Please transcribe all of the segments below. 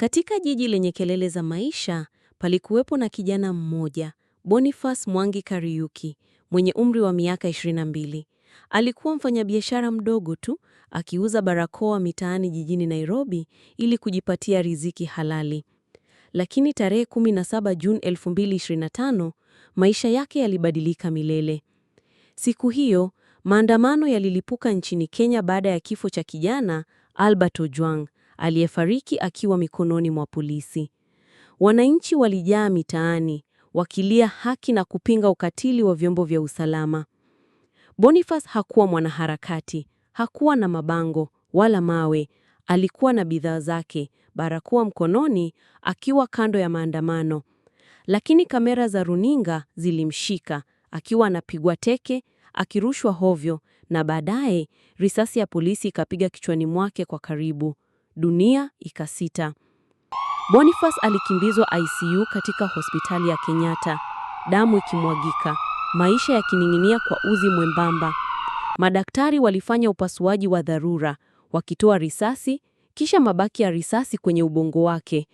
Katika jiji lenye kelele za maisha, palikuwepo na kijana mmoja, Boniface Mwangi Kariuki, mwenye umri wa miaka 22. Alikuwa mfanyabiashara mdogo tu, akiuza barakoa mitaani jijini Nairobi ili kujipatia riziki halali. Lakini tarehe 17 Juni 2025, maisha yake yalibadilika milele. Siku hiyo, maandamano yalilipuka nchini Kenya baada ya kifo cha kijana Albert Ojwang aliyefariki akiwa mikononi mwa polisi. Wananchi walijaa mitaani wakilia haki na kupinga ukatili wa vyombo vya usalama. Boniface hakuwa mwanaharakati, hakuwa na mabango wala mawe. Alikuwa na bidhaa zake, barakoa mkononi, akiwa kando ya maandamano. Lakini kamera za runinga zilimshika akiwa anapigwa teke, akirushwa hovyo, na baadaye risasi ya polisi ikapiga kichwani mwake kwa karibu dunia ikasita. Boniface alikimbizwa ICU katika hospitali ya Kenyatta, damu ikimwagika, maisha yakining'inia kwa uzi mwembamba. Madaktari walifanya upasuaji wa dharura, wakitoa risasi kisha mabaki ya risasi kwenye ubongo wake.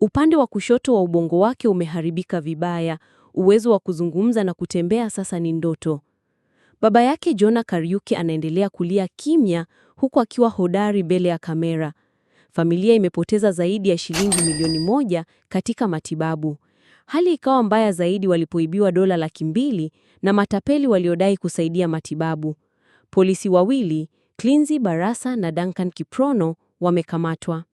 Upande wa kushoto wa ubongo wake umeharibika vibaya, uwezo wa kuzungumza na kutembea sasa ni ndoto. Baba yake Jona Kariuki anaendelea kulia kimya, huku akiwa hodari mbele ya kamera familia imepoteza zaidi ya shilingi milioni moja katika matibabu. Hali ikawa mbaya zaidi walipoibiwa dola laki mbili na matapeli waliodai kusaidia matibabu. Polisi wawili Klinzi Barasa na Duncan Kiprono wamekamatwa.